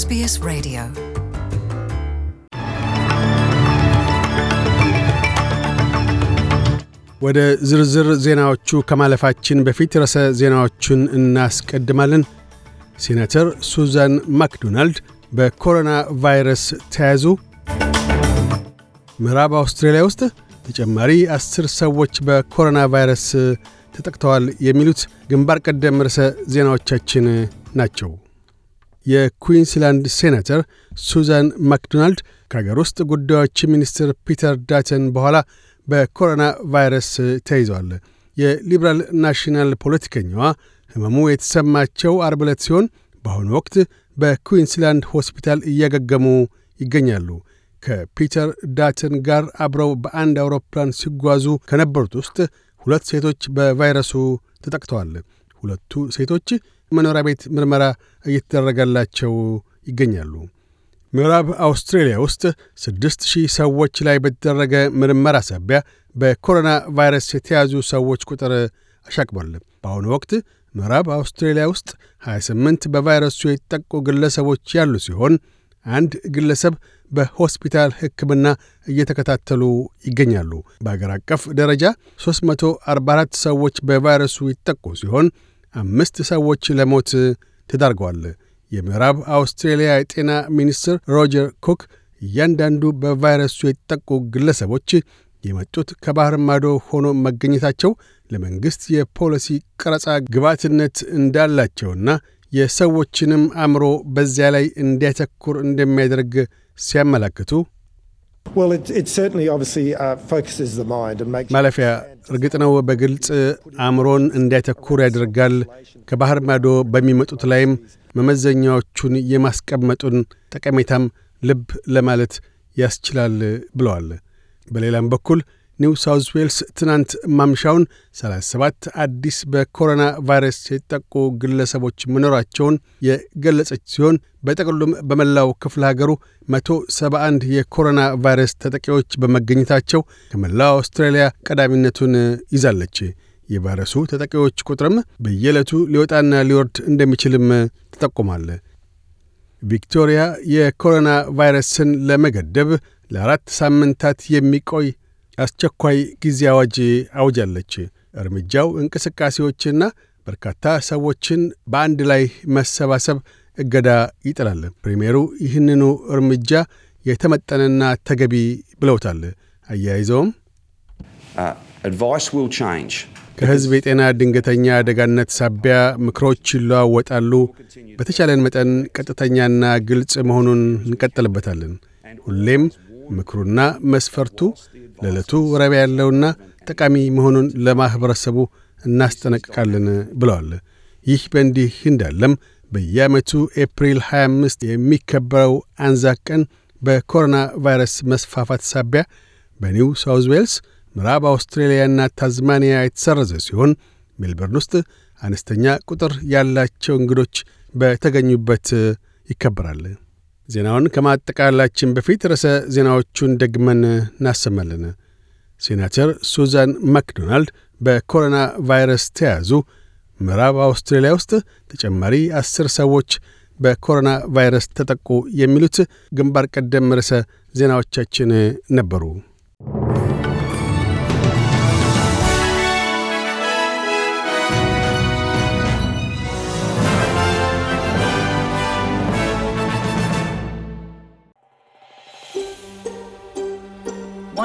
SBS Radio. ወደ ዝርዝር ዜናዎቹ ከማለፋችን በፊት ርዕሰ ዜናዎቹን እናስቀድማለን። ሴናተር ሱዛን ማክዶናልድ በኮሮና ቫይረስ ተያዙ። ምዕራብ አውስትራሊያ ውስጥ ተጨማሪ አስር ሰዎች በኮሮና ቫይረስ ተጠቅተዋል። የሚሉት ግንባር ቀደም ርዕሰ ዜናዎቻችን ናቸው። የኩዊንስላንድ ሴናተር ሱዛን ማክዶናልድ ከአገር ውስጥ ጉዳዮች ሚኒስትር ፒተር ዳተን በኋላ በኮሮና ቫይረስ ተይዘዋል። የሊብራል ናሽናል ፖለቲከኛዋ ህመሙ የተሰማቸው አርብ ዕለት ሲሆን በአሁኑ ወቅት በኩዊንስላንድ ሆስፒታል እያገገሙ ይገኛሉ። ከፒተር ዳተን ጋር አብረው በአንድ አውሮፕላን ሲጓዙ ከነበሩት ውስጥ ሁለት ሴቶች በቫይረሱ ተጠቅተዋል። ሁለቱ ሴቶች መኖሪያ ቤት ምርመራ እየተደረገላቸው ይገኛሉ። ምዕራብ አውስትሬልያ ውስጥ ስድስት ሺህ ሰዎች ላይ በተደረገ ምርመራ ሳቢያ በኮሮና ቫይረስ የተያዙ ሰዎች ቁጥር አሻቅቧል። በአሁኑ ወቅት ምዕራብ አውስትሬልያ ውስጥ 28 በቫይረሱ የተጠቁ ግለሰቦች ያሉ ሲሆን አንድ ግለሰብ በሆስፒታል ሕክምና እየተከታተሉ ይገኛሉ። በአገር አቀፍ ደረጃ 344 ሰዎች በቫይረሱ ይጠቁ ሲሆን አምስት ሰዎች ለሞት ተዳርገዋል። የምዕራብ አውስትሬልያ የጤና ሚኒስትር ሮጀር ኩክ እያንዳንዱ በቫይረሱ የተጠቁ ግለሰቦች የመጡት ከባህር ማዶ ሆኖ መገኘታቸው ለመንግሥት የፖሊሲ ቀረጻ ግብዓትነት እንዳላቸውና የሰዎችንም አእምሮ በዚያ ላይ እንዲያተኩር እንደሚያደርግ ሲያመላክቱ Uh, ማለፊያ እርግጥ ነው በግልጽ አእምሮን እንዳይተኩር ያደርጋል። ከባህር ማዶ በሚመጡት ላይም መመዘኛዎቹን የማስቀመጡን ጠቀሜታም ልብ ለማለት ያስችላል ብለዋል። በሌላም በኩል ኒው ሳውዝ ዌልስ ትናንት ማምሻውን 37 አዲስ በኮሮና ቫይረስ የተጠቁ ግለሰቦች መኖራቸውን የገለጸች ሲሆን በጠቅሉም በመላው ክፍለ ሀገሩ 171 የኮሮና ቫይረስ ተጠቂዎች በመገኘታቸው ከመላው አውስትራሊያ ቀዳሚነቱን ይዛለች። የቫይረሱ ተጠቂዎች ቁጥርም በየዕለቱ ሊወጣና ሊወርድ እንደሚችልም ተጠቁማል። ቪክቶሪያ የኮሮና ቫይረስን ለመገደብ ለአራት ሳምንታት የሚቆይ አስቸኳይ ጊዜ አዋጅ አውጃለች። እርምጃው እንቅስቃሴዎችና በርካታ ሰዎችን በአንድ ላይ መሰባሰብ እገዳ ይጥላል። ፕሪምየሩ ይህንኑ እርምጃ የተመጠነና ተገቢ ብለውታል። አያይዘውም uh, ከሕዝብ የጤና ድንገተኛ አደጋነት ሳቢያ ምክሮች ይለዋወጣሉ። በተቻለን መጠን ቀጥተኛና ግልጽ መሆኑን እንቀጥልበታለን። ሁሌም ምክሩና መስፈርቱ ለዕለቱ ወረቢያ ያለውና ጠቃሚ መሆኑን ለማኅበረሰቡ እናስጠነቅቃለን ብለዋል። ይህ በእንዲህ እንዳለም በየዓመቱ ኤፕሪል 25 የሚከበረው አንዛክ ቀን በኮሮና ቫይረስ መስፋፋት ሳቢያ በኒው ሳውዝ ዌልስ፣ ምዕራብ አውስትሬልያና ታዝማኒያ የተሰረዘ ሲሆን ሜልበርን ውስጥ አነስተኛ ቁጥር ያላቸው እንግዶች በተገኙበት ይከበራል። ዜናውን ከማጠቃላችን በፊት ርዕሰ ዜናዎቹን ደግመን እናሰማለን። ሴናተር ሱዛን ማክዶናልድ በኮሮና ቫይረስ ተያዙ። ምዕራብ አውስትራሊያ ውስጥ ተጨማሪ አስር ሰዎች በኮሮና ቫይረስ ተጠቁ። የሚሉት ግንባር ቀደም ርዕሰ ዜናዎቻችን ነበሩ።